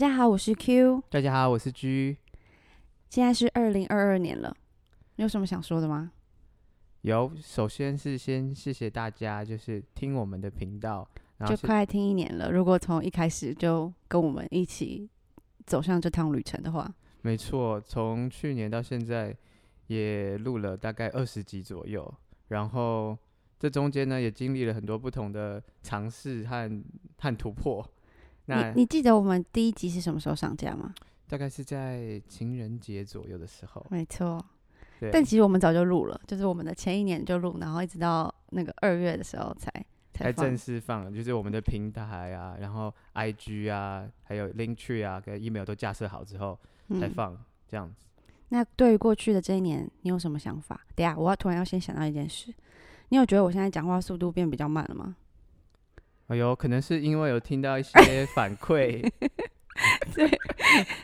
大家好，我是 Q。大家好，我是 G。現在是二零二二年了，你有什麼想說的嗎？有，首先是先謝謝大家，就是聽我們的頻道，然後就快聽一年了。如果從一開始就跟我們一起走上這趟旅程的話，嗯、沒錯，從去年到現在也錄了大概二十集左右，然後這中間呢也經歷了很多不同的嘗試和和突破。那你你記得我們第一集是什麼時候上架嗎？大概是在情人節左右的時候。沒錯錯。對但其實我們早就錄了，就是我們的前一年就錄，然後一直到那個二月的時候才才還、正式放，就是我們的平台啊，然後 IG 啊，還有 Linktree 啊，跟 Email 都架設好之後才、嗯、放這樣子。那對於過去的這一年，你有什麼想法？對啊，我要突然要先想到一件事，你有覺得我現在講話速度變比較慢了嗎？哎呦，可能是因為有聽到一些反饋， 對，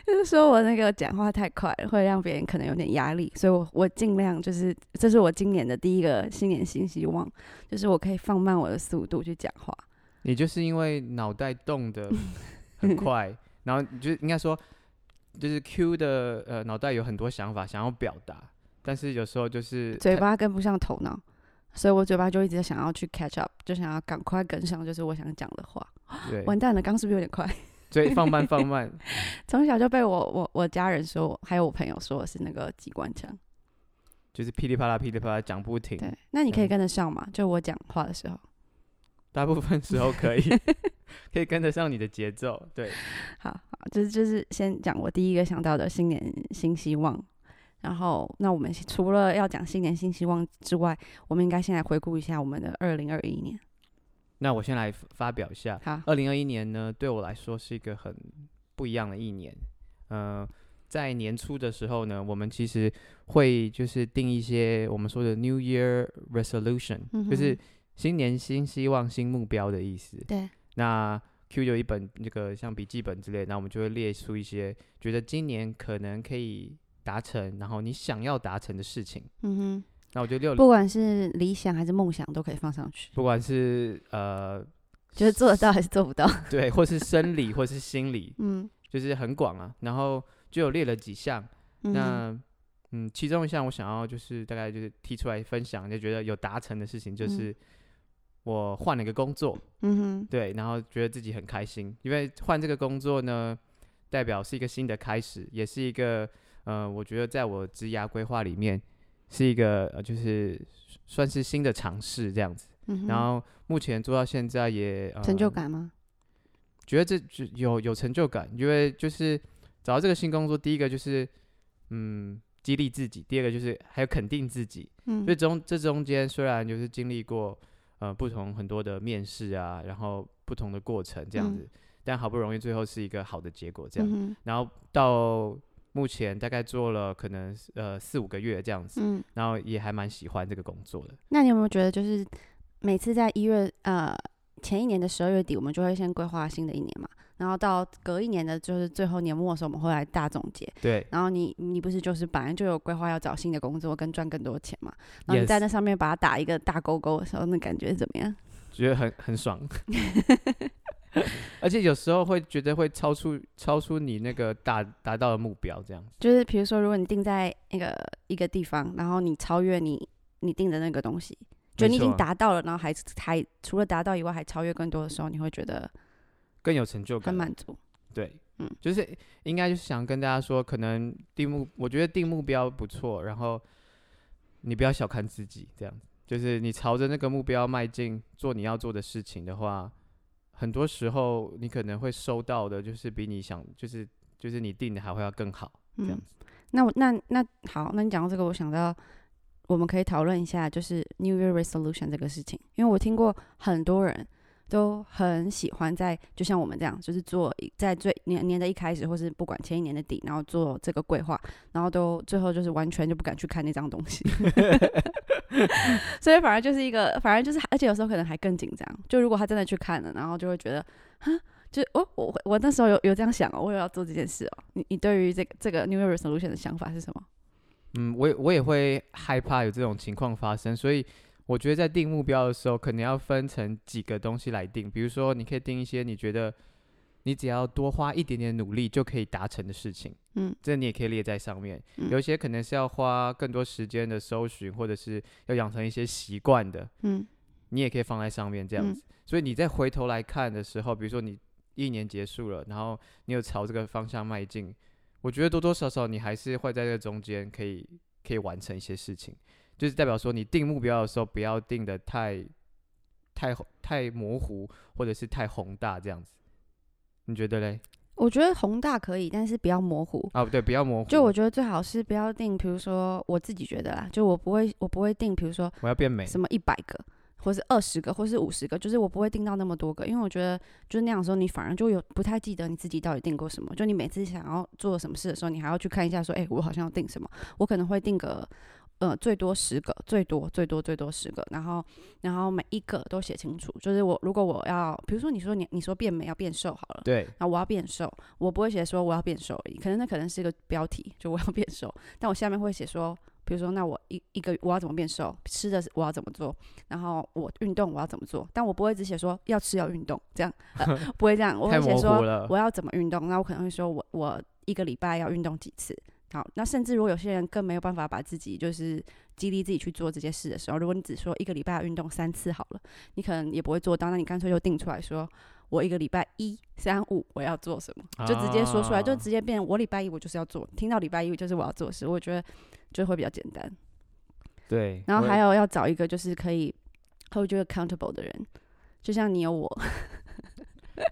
就是說我那個講話太快，會讓別人可能有點壓力，所以我，我我儘量就是，這是我今年的第一個新年新希望，就是我可以放慢我的速度去講話。你就是因為腦袋動的很快， 然後你就應該說，就是 Q 的呃腦袋有很多想法想要表達，但是有時候就是嘴巴跟不上頭腦。所以，我嘴巴就一直想要去 catch up，就想要趕快跟上，就是我想講的話。對，完蛋了，剛是不是有點快？所以放慢，放慢。從 小就被我、我、我家人說，還有我朋友說，我是那個機關槍，就是噼里啪啦、噼里啪啦講不停。對，那你可以跟得上嗎？嗯、就我講話的時候，大部分時候可以， 可以跟得上你的節奏。對，好，好，就是就是先講我第一個想到的新年新希望。然後，那我們除了要講新年新希望之外，我們應該先來回顧一下我們的二零二一年。那我先來發表一下。好哈。二零二一年呢，對我來說是一個很不一樣的一年。嗯、呃，在年初的時候呢，我們其實會就是定一些我們說的 New Year Resolution，、嗯、哼就是新年新希望、新目標的意思。對。那 Q 有一本那個像筆記本之類，那我們就會列出一些覺得今年可能可以。達成，然後你想要達成的事情，嗯哼，那我就列，不管是理想還是夢想，都可以放上去。不管是呃，就是做得到還是做不到，對，或是生理 或是心理，嗯，就是很廣啊。然後就有列了幾項，嗯哼，那嗯，其中一項我想要就是大概就是提出來分享，就覺得有達成的事情就是我換了一個工作，嗯哼，對，然後覺得自己很開心，因為換這個工作呢，代表是一個新的開始，也是一個。呃，我覺得在我職涯規劃裡面是一個，呃，就是算是新的嘗試這樣子。嗯、哼然後目前做到現在也。呃、成就感嗎？覺得這有有成就感，因為就是找到這個新工作，第一個就是嗯激勵自己，第二個就是還有肯定自己。嗯。所以中這中間雖然就是經歷過呃不同很多的面試啊，然後不同的過程這樣子，嗯、但好不容易最後是一個好的結果這樣，嗯、哼然後到。目前大概做了可能呃四五個月這樣子，嗯，然後也還蠻喜歡這個工作的。那你有沒有覺得，就是每次在一月呃前一年的十二月底，我們就會先規劃新的一年嘛？然後到隔一年的，就是最後年末的時候，我們會來大總結。對。然後你你不是就是本來就有規劃要找新的工作跟賺更多錢嘛？然後你在那上面把它打一個大勾勾的時候，Yes. 那感覺怎麼樣？覺得很很爽。 而且有時候會覺得會超出超出你那個達達到的目標，這樣子就是比如說，如果你定在那個一個地方，然後你超越你你定的那個東西，就錯你已經達到了，然後還還除了達到以外還超越更多的時候，你會覺得更有成就感、很滿足。對，嗯，就是應該就是想跟大家說，可能定目，我覺得定目標不錯，然後你不要小看自己，這樣就是你朝着那個目標邁進，做你要做的事情的話。很多時候，你可能會收到的，就是比你想，就是就是你定的還會要更好這樣子。嗯，那我那那好，那你講到這個，我想到我們可以討論一下，就是 New Year Resolution 這個事情，因為我聽過很多人都很喜歡在，就像我們這樣，就是做一在最年年的一開始，或是不管前一年的底，然後做這個規劃，然後都最後就是完全就不敢去看那張東西。 所以反而就是一個，反而就是，而且有時候可能還更緊張。就如果他真的去看了，然後就會覺得，哈，就、哦、我我我那時候有有這樣想哦,我也要做這件事哦。你你對於這個這個 New Year Resolution 的想法是什麼？嗯,我也我也會害怕有這種情況發生，所以我覺得在定目標的時候，可能要分成幾個東西來定。比如說，你可以定一些你覺得。你只要多花一點點努力就可以達成的事情，嗯，這你也可以列在上面。嗯、有一些可能是要花更多時間的搜尋，或者是要養成一些習慣的，嗯，你也可以放在上面這樣子。嗯、所以你再回頭來看的時候，比如說你一年結束了，然後你有朝這個方向邁進，我覺得多多少少你還是會在這中間可以可以完成一些事情，就是代表說你定目標的時候不要定得太太太模糊或者是太宏大這樣子。你覺得嘞？我覺得宏大可以，但是比較模糊啊。哦，對，比較模糊。就我覺得最好是不要定，比如說我自己覺得啦，就我不會，我不會定，比如說我要變美，什麼一百個，或是二十個，或是五十個，就是我不會定到那麼多個，因為我覺得就是那樣的時候，你反而就有不太記得你自己到底定過什麼。就你每次想要做什麼事的時候，你還要去看一下，說，誒，我好像要定什麼，我可能會定個。呃，最多十個，最多最多最多十個，然後然後每一個都寫清楚。就是我如果我要，比如說你說你你說變美要變瘦好了，對，那我要變瘦，我不會寫說我要變瘦而已，可能那可能是一個標題，就我要變瘦，但我下面會寫說，比如說那我一一個我要怎麼變瘦，吃的我要怎麼做，然後我運動我要怎麼做，但我不會只寫說要吃要運動這樣、呃，不會這樣。我會寫說我要怎麼運動？那 太模糊了。我可能會說我我一個禮拜要運動幾次。好，那甚至如果有些人更沒有辦法把自己就是激勵自己去做這些事的時候，如果你只說一個禮拜運動三次好了，你可能也不會做到。那你乾脆就定出來說，我一個禮拜一、三、五我要做什麼，就直接說出來，就直接變我禮拜一我就是要做，聽到禮拜一就是我要做事，我覺得就會比較簡單。對，然後還有要找一個就是可以 hold you accountable 的人，就像你有我。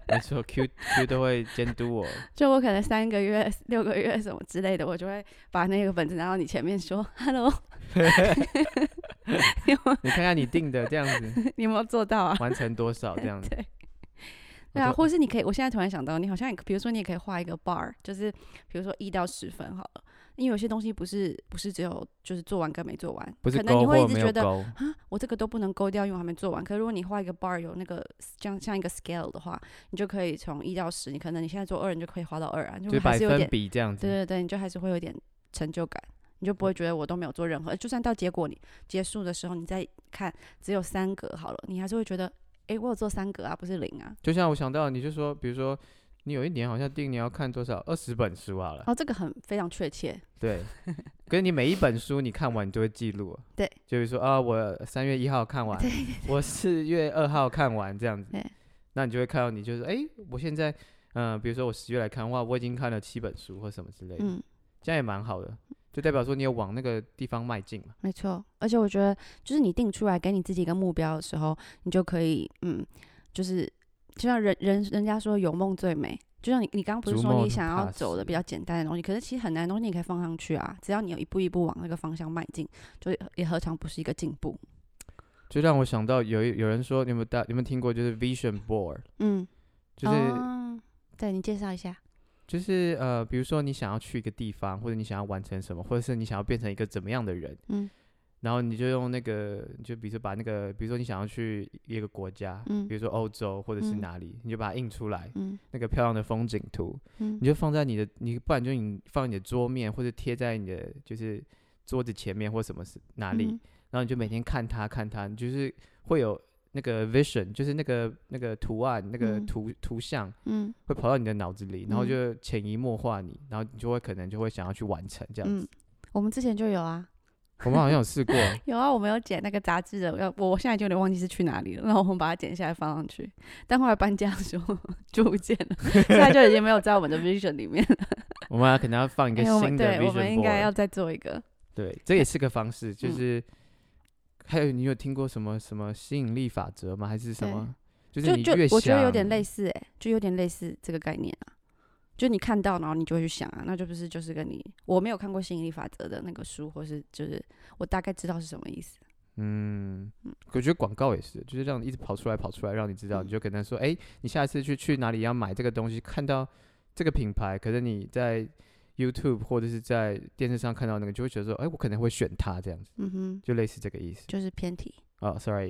你說 “q q” 都會監督我，就我可能三個月、六個月什麼之類的，我就會把那個本子拿到你前面說 “hello”。你看看你定的這樣子， 你有沒有做到啊？完成多少這樣子？ 對，說對啊，或者是你可以，我現在突然想到，你好像你比如說，你也可以畫一個 bar，就是比如說一到十分好了。因為有些東西不是不是只有就是做完跟沒做完，不是可能你會一直覺得啊，我這個都不能勾掉，因為我還沒做完。可是如果你畫一個 bar 有那個像像一個 scale 的話，你就可以從一到十，你可能你現在做二，你就可以畫到二啊，就還是有點比這樣子。對對對，你就還是會有點成就感，你就不會覺得我都沒有做任何。就算到結果你結束的時候，你再看只有三格好了，你還是會覺得，誒、欸，我有做三格啊，不是零啊。就像我想到，你就說，比如說。你有一年好像定你要看多少二十本書啊？了。哦，這個很非常確切。對， 跟你每一本書你看完，你就會記錄。對，就比如說啊，我三月一號看完，對我四月二號看完這樣子。對那你就會看到你就是哎、欸，我現在嗯、呃，比如說我十月來看的話，我已經看了七本書或什麼之類的。嗯，這樣也蠻好的，就代表說你有往那個地方邁進嘛。沒錯，而且我覺得就是你定出來給你自己一個目標的時候，你就可以嗯，就是。就像人人人家說有夢最美，就像你你剛剛不是說你想要走的比較簡單的東西，可是其實很難的東西你可以放上去啊，只要你有一步一步往那個方向邁進，就也何嘗不是一個進步？就讓我想到有有人說，你們大你們聽過就是 Vision Board？嗯，就是、哦、對，你介紹一下，就是呃，比如說你想要去一個地方，或者你想要完成什麼，或者是你想要變成一個怎麼樣的人，嗯。然後你就用那個，就比如說把那個，比如說你想要去一個國家，嗯、比如說歐洲或者是哪裡，嗯、你就把它印出來，嗯、那個漂亮的風景圖，嗯、你就放在你的，你不然就你放你的桌面或者貼在你的就是桌子前面或什麼是哪裡，嗯、然後你就每天看它看它，就是會有那個 vision，就是那個那個圖案那個圖、嗯、圖像，嗯，會跑到你的腦子裡，嗯、然後就潛移默化你，然後你就會可能就會想要去完成這樣子、嗯。我們之前就有啊。我們好像有試過， 有啊，我們有剪那個雜誌的，我要,我現在就有點忘記是去哪裡了。然後我們把它剪下來放上去，但後來搬家的時候 就不見了， 現在就已經沒有在我們的 vision 裡面了。 我們、啊、可能要放一個新的 vision board,、欸、我們,對,我們應該要再做一個。對，這也是個方式，就是、嗯、還有你有聽過什麼什麼吸引力法則嗎？還是什麼？對就是你越想就就我覺得有點類似、欸，哎，就有點類似這個概念啊。就你看到，然後你就會去想啊，那就不是就是跟你，我沒有看過《吸引力法則》的那個書，或是就是我大概知道是什麼意思。嗯，我覺得廣告也是，就是這樣一直跑出來跑出來，讓你知道，嗯、你就可能說，哎、欸，你下次去去哪裡要買這個東西，看到這個品牌，可是你在 YouTube 或者是在電視上看到那個，就會覺得說：“哎、欸，我可能會選他這樣子。”嗯哼，就類似這個意思。就是偏題。哦，Sorry。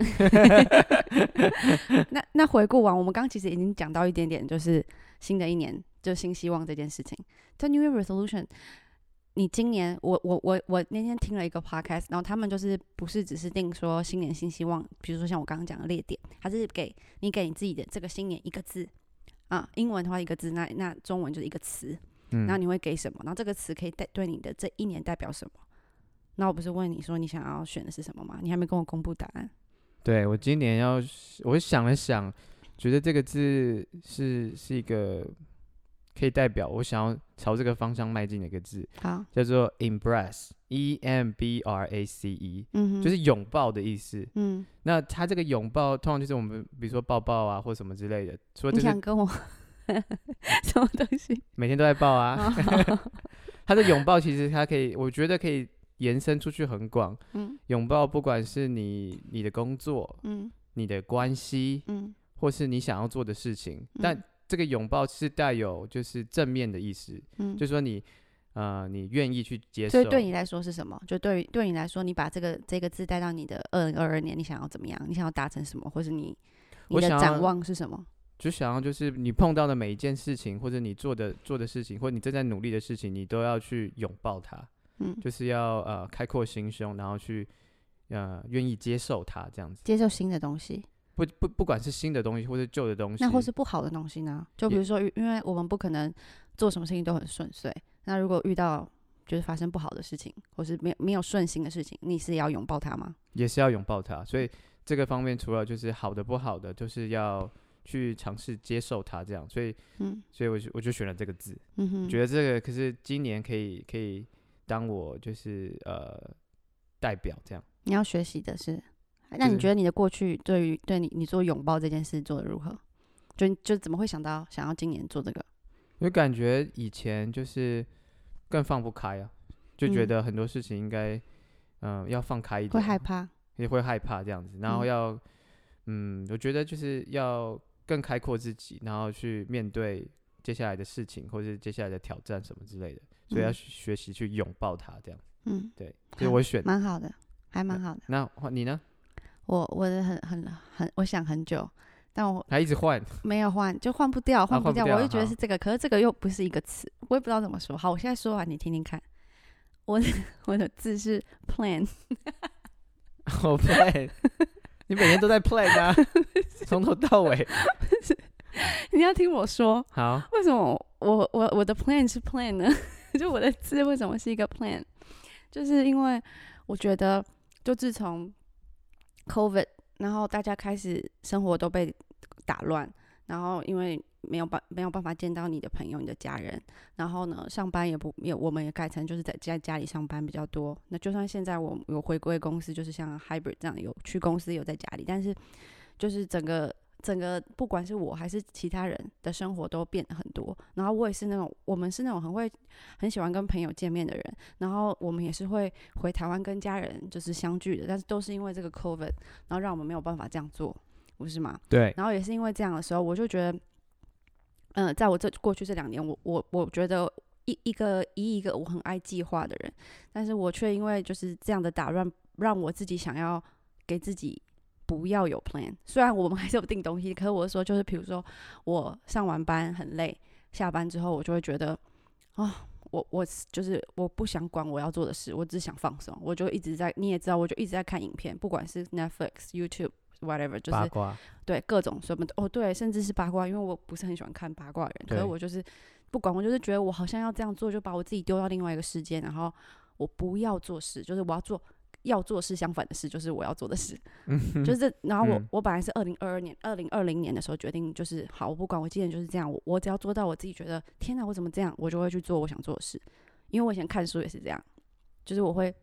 那那回顧完，我們剛剛其實已經講到一點點，就是新的一年就新希望這件事情。叫 New Year Resolution。你今年，我我我我那天聽了一個 Podcast，然後他們就是不是只是定說新年新希望，比如說像我剛剛講的列點，還是給你給你自己的這個新年一個字啊？英文的話一個字，那那中文就是一個詞。那你會給什麼？然後這個詞可以代對你的這一年代表什麼？那我不是問你說你想要選的是什麼嗎？你還沒跟我公布答案。對，我今年要，我想了想，覺得這個字是是一個可以代表我想要朝這個方向邁進的一個字。好，叫做 Embrace，E M B R A C E，嗯哼就是擁抱的意思。嗯，那他這個擁抱通常就是我們比如說抱抱啊，或什麼之類的。說你想跟我？ 什麼東西？每天都在抱啊！Oh、 他的擁抱其實他可以，我覺得可以延伸出去很廣。嗯，擁抱不管是你你的工作，嗯，你的關係，嗯，或是你想要做的事情，嗯、但這個擁抱是帶有就是正面的意思，嗯，就是說你呃你願意去接受。所以對你來說是什麼？就對對你來說，你把這個這個字帶到你的二零二二年，你想要怎麼樣？你想要達成什麼？或是你你的展望是什麼？就想要，就是你碰到的每一件事情，或者你做的做的事情，或者你正在努力的事情，你都要去擁抱它。嗯，就是要呃開闊心胸，然後去呃願意接受它，這樣子。接受新的東西，不不，不管是新的東西或是舊的東西，那或是不好的東西呢？就比如說，也因為我們不可能做什麼事情都很順遂。那如果遇到就是發生不好的事情，或是沒有沒有順心的事情，你是要擁抱它嗎？也是要擁抱它。所以這個方面，除了就是好的不好的，就是要。去嘗試接受它，這樣，所以，嗯，所以我就我就選了這個字，嗯哼，覺得這個可是今年可以可以當我就是呃代表這樣。你要學習的是，那你覺得你的過去對於對你你做擁抱這件事做得如何？就就怎麼會想到想要今年做這個？我感覺以前就是更放不開啊，就覺得很多事情應該嗯，嗯要放開一點，會害怕，也會害怕這樣子，然後要嗯，嗯，我覺得就是要更開闊自己，然後去面對接下來的事情，或者是接下來的挑戰什麼之類的，所以要學習去擁抱它，這樣，嗯，對，嗯、所以我選蠻好的，還蠻好的。嗯、那你呢？我我的很很很，我想很久，但我還一直換，沒有換，就換不掉，換不掉。啊、換不掉我就覺得是這個，可是這個又不是一個詞，我也不知道怎麼說。好，我現在說完，你聽聽看，我的我的字是 plan，plan。 oh, plan. 你每天都在 plan 嗎？從 是頭到尾。你要聽我說，好，為什麼我我我的 plan 是 plan 呢？ 就我的字為什麼是一個 plan？就是因為我覺得，就自從 COVID，然後大家開始生活都被打亂，然後因為。沒有辦沒有辦法見到你的朋友、你的家人，然後呢，上班也不也我們也改成就是在在家裡上班比較多。那就算現在我有回歸公司，就是像 hybrid 這樣有去公司有在家裡，但是就是整個整個不管是我還是其他人的生活都變得很多。然後我也是那種我們是那種很會很喜歡跟朋友見面的人，然後我們也是會回台灣跟家人就是相聚的，但是都是因為這個 COVID，然後讓我們沒有辦法這樣做，不是嗎？對。然後也是因為這樣的時候，我就覺得。嗯、呃，在我這過去這兩年，我我我覺得一一個一一個我很愛計劃的人，但是我卻因為就是這樣的打亂，讓我自己想要給自己不要有 plan。雖然我們還是有定東西，可是我說就是，比如說我上完班很累，下班之後我就會覺得啊、哦，我我就是我不想管我要做的事，我只想放鬆，我就一直在，你也知道，我就一直在看影片，不管是 Netflix、YouTube。whatever 就是八卦，對各種什麼的哦，對，甚至是八卦，因為我不是很喜歡看八卦的人，可是對我就是不管，我就是覺得我好像要這樣做，就把我自己丟到另外一個世界，然後我不要做事，就是我要做要做事相反的事，就是我要做的事， 就是這然後我、嗯、我本來是二零二二年二零二零年的時候決定，就是好，我不管，我今年就是這樣，我我只要做到我自己覺得天哪，我怎麼這樣，我就會去做我想做的事，因為我以前看書也是這樣，就是我會。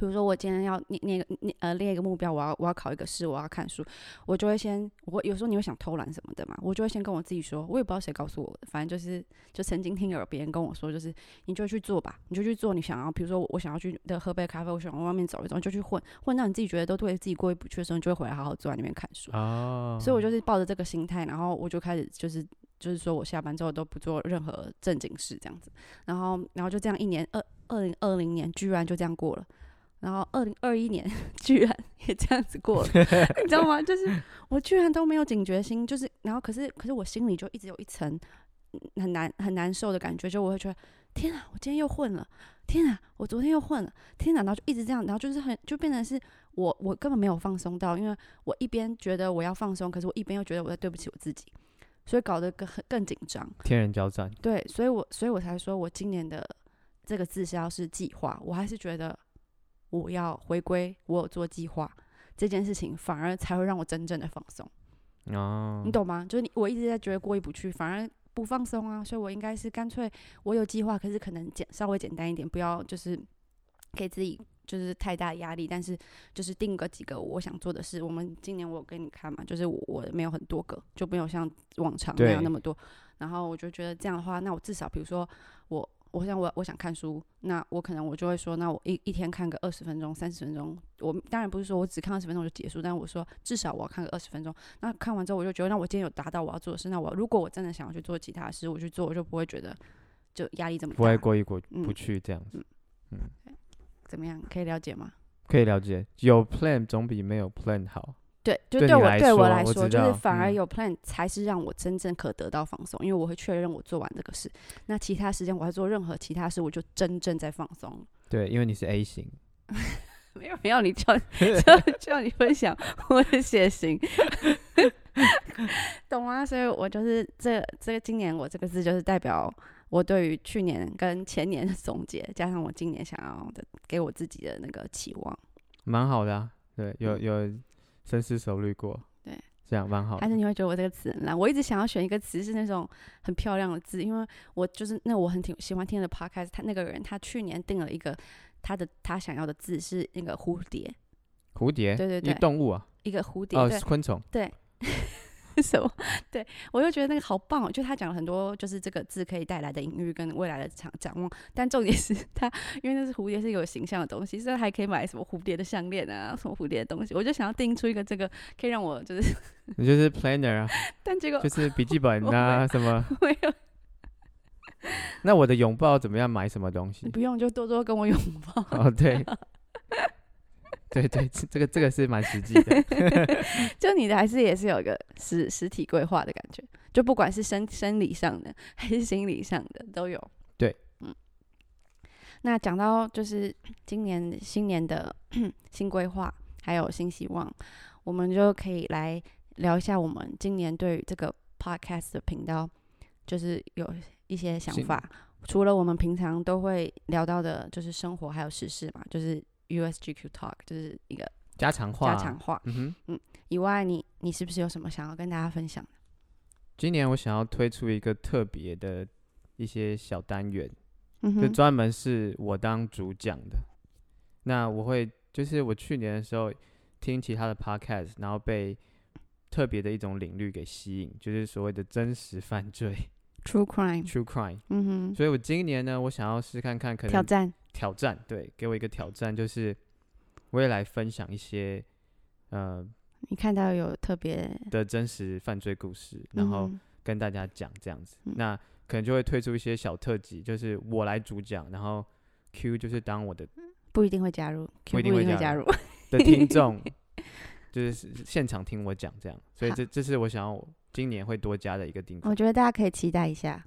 比如說，我今天要列列列呃、列一個目標，我要我要考一個試，我要看書，我就會先我有時候你會想偷懶什麼的嘛，我就會先跟我自己說，我也不知道誰告訴我的，反正就是就曾經聽有別人跟我說，就是你就去做吧，你就去做，你想要比如說我想要去喝杯咖啡，我想要往外面走一走，就去混混到你自己覺得都對自己過意不去的時候，你就會回來好好坐在那邊看書。Oh. 所以我就是抱着這個心態，然後我就開始就是就是說我下班之後都不做任何正經事這樣子，然後然後就這樣一年二二零二零年居然就這樣過了。然後二零二一年居然也這樣子過了， 你知道嗎？就是我居然都沒有警覺心，就是然後可是可是我心裡就一直有一層很難很難受的感覺，就我會覺得天啊，我今天又混了，天啊，我昨天又混了，天啊，然後就一直這樣，然後就是很就變成是我我根本沒有放鬆到，因為我一邊覺得我要放鬆，可是我一邊又覺得我在對不起我自己，所以搞得更更緊張。天人交戰。對，所以我所以我才說我今年的這個自銷是計劃，我還是覺得。我要回歸，我有做計劃這件事情，反而才會讓我真正的放鬆。Oh. 你懂嗎？就是你，我一直在覺得過意不去，反而不放鬆啊。所以，我應該是乾脆，我有計劃，可是可能簡稍微簡單一點，不要就是給自己就是太大壓力。但是，就是定個幾個我想做的事。我們今年我有給你看嘛，就是我，我沒有很多個，就沒有像往常那樣那麼多。對然後我就覺得這樣的話，那我至少比如說我。我想我我想看書，那我可能我就會說，那我一一天看個二十分鐘、三十分鐘。我當然不是說我只看二十分鐘就結束，但是我說至少我要看個二十分鐘。那看完之後我就覺得，那我今天有達到我要做的事。那我如果我真的想要去做其他事，我去做，我就不會覺得就壓力這麼大。不會過意過不去、嗯、這樣子。嗯嗯，嗯怎麼樣？可以了解嗎？可以了解，有 plan 總比沒有 plan 好。對，就對我對，對我來說，就是反而有 plan 才是讓我真正可得到放鬆，嗯、因為我會確認我做完這個事，那其他時間我要做任何其他事，我就真正在放鬆。對，因為你是 A 型， 沒有沒有，你叫叫，你分享我的血型， 懂嗎？所以，我就是這這個今年我這個字就是代表我對於去年跟前年的總結，加上我今年想要的，給我自己的那個期望，蠻好的、啊。對，有有。嗯深思熟慮過，對，這樣蠻好。但是你會覺得我這個詞很爛？我一直想要選一個詞是那種很漂亮的字，因為我就是那我很挺喜歡聽的 podcast，他那個人他去年定了一個，他的他想要的字是那個蝴蝶，蝴蝶，對對對，動物啊，一個蝴蝶，哦，是昆蟲，對。 什麼？對我又覺得那個好棒哦、喔，就他講了很多，就是這個字可以帶來的隱喻跟未來的展展望。但重點是他，因為那是蝴蝶，是一個有形象的東西，所以他還可以買什麼蝴蝶的項鏈啊，什麼蝴蝶的東西。我就想要定出一個這個，可以讓我就是，你就是 planner 啊。 但這個就是筆記本啊 沒什麼。沒有。 那我的擁抱怎麼樣？買什麼東西？ 你不用，就多多跟我擁抱。哦，對。 對對，這個這個是蠻實際的。 就你的還是也是有一個實實體規劃的感覺，就不管是生生，生理上的還是心理上的都有。對，嗯。那講到就是今年新年的新規劃還有新希望，我們就可以來聊一下我們今年對這個 podcast 的頻道就是有一些想法，行除了我們平常都會聊到的，就是生活還有時事嘛，就是。U.S.G.Q. Talk 就是一個家常話，家常話。嗯哼，嗯，以外，你你是不是有什麼想要跟大家分享？今年我想要推出一個特別的一些小單元，嗯哼，就專門是我當主講的。那我會就是我去年的時候聽其他的 Podcast，然後被特別的一種領域給吸引，就是所謂的真實犯罪。True crime, True crime。嗯哼，所以我今年呢，我想要試看看，可能挑戰，挑戰，對，給我一個挑戰，就是我也來分享一些，呃，你看到有特別的真實犯罪故事，然後、嗯、哼跟大家講這樣子，嗯、那可能就會推出一些小特輯，就是我來主講，然後 Q 就是當我的，不一定會加入，Q、不一定會加入的聽眾， 就是現場聽我講這樣，所以這好這是我想要。今年會多加的一個定，我覺得大家可以期待一下，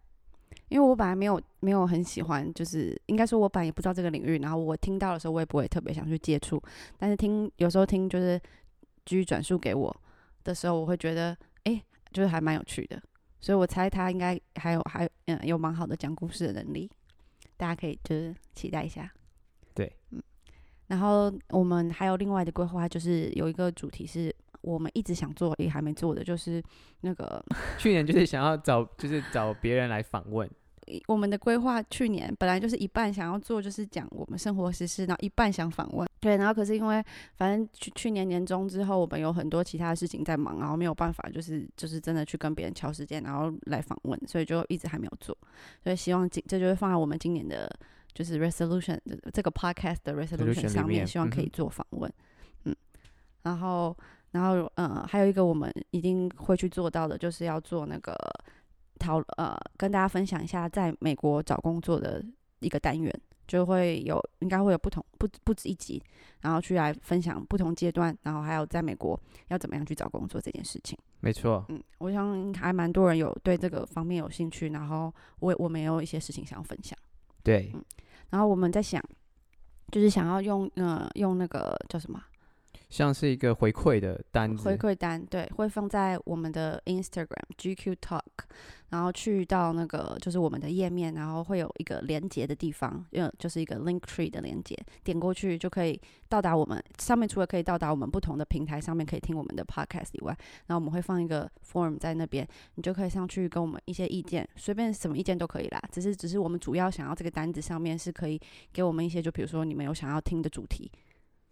因為我本來沒有沒有很喜歡，就是應該說我本來也不知道這個領域，然後我聽到的時候我也不會特別想去接觸，但是聽有時候聽就是 G 轉述給我的時候，我會覺得哎、欸，就是還蠻有趣的，所以我猜他應該還有還嗯有蠻、呃、好的講故事的能力，大家可以就是期待一下。對，嗯，然後我們還有另外的規劃，就是有一個主題是。我們一直想做也還沒做的就是那個，去年就是想要找 就是找別人來訪問，我們的規劃去年本來就是一半想要做就是講我們生活實事，然後一半想訪問，對，然後可是因為反正去去年年終之後，我們有很多其他的事情在忙，然後沒有辦法就是就是真的去跟別人敲時間，然後來訪問，所以就一直還沒有做，所以希望今這就是放在我們今年的，就是 resolution 這個 podcast 的 resolution 上面，面希望可以做訪問，嗯，哼嗯，然後。然後，嗯、呃，還有一個我們一定會去做到的，就是要做那個討呃，跟大家分享一下在美國找工作的一個單元，就會有，應該會有不同，不，不止一集，然後去來分享不同階段，然後還有在美國要怎麼樣去找工作這件事情。沒錯，嗯，我想還蠻多人有對這個方面有興趣，然後我我們也有一些事情想要分享。對，嗯，然後我們在想，就是想要用呃用那個叫什麼？像是一個回饋的單子，回饋單對，會放在我們的 Instagram GQ Talk，然後去到那個就是我們的頁面，然後會有一個連接的地方，嗯，就是一個 Link Tree 的連接，點過去就可以到達我們上面。除了可以到達我們不同的平台上面可以聽我們的 podcast 以外，然後我們會放一個 form、um、在那邊，你就可以上去跟我們一些意見，隨便什麼意見都可以啦。只是只是我們主要想要這個單子上面是可以給我們一些，就比如說你們有想要聽的主題。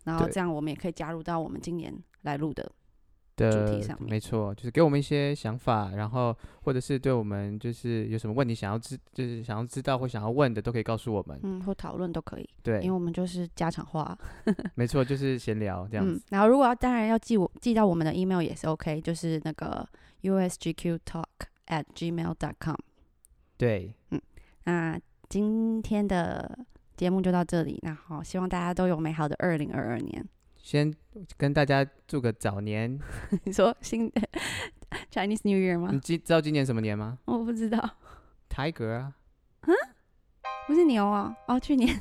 然後這樣，我們也可以加入到我們今年來錄的的主題上面。沒錯，就是給我們一些想法，然後或者是對我們就是有什麼問題，想要知就是想要知道或想要問的，都可以告訴我們。嗯，或討論都可以。對，因為我們就是家常話。 沒錯，就是閒聊這樣。嗯，然後如果要當然要寄我寄到我們的 email 也是 OK，就是那個 usgqtalk@gmail.com。Com 對，嗯，那今天的。節目就到這裡，那好，希望大家都有美好的二零二二年。先跟大家祝個早年， 你說新的 Chinese New Year 嗎？你今知道今年什麼年嗎？我不知道。Tiger 啊？蛤？不是牛啊？哦，去年。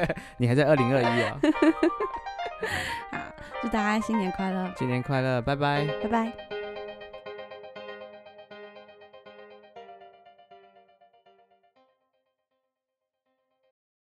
你還在二零二一啊 好，祝大家新年快樂！新年快樂，拜拜！嗯、拜拜！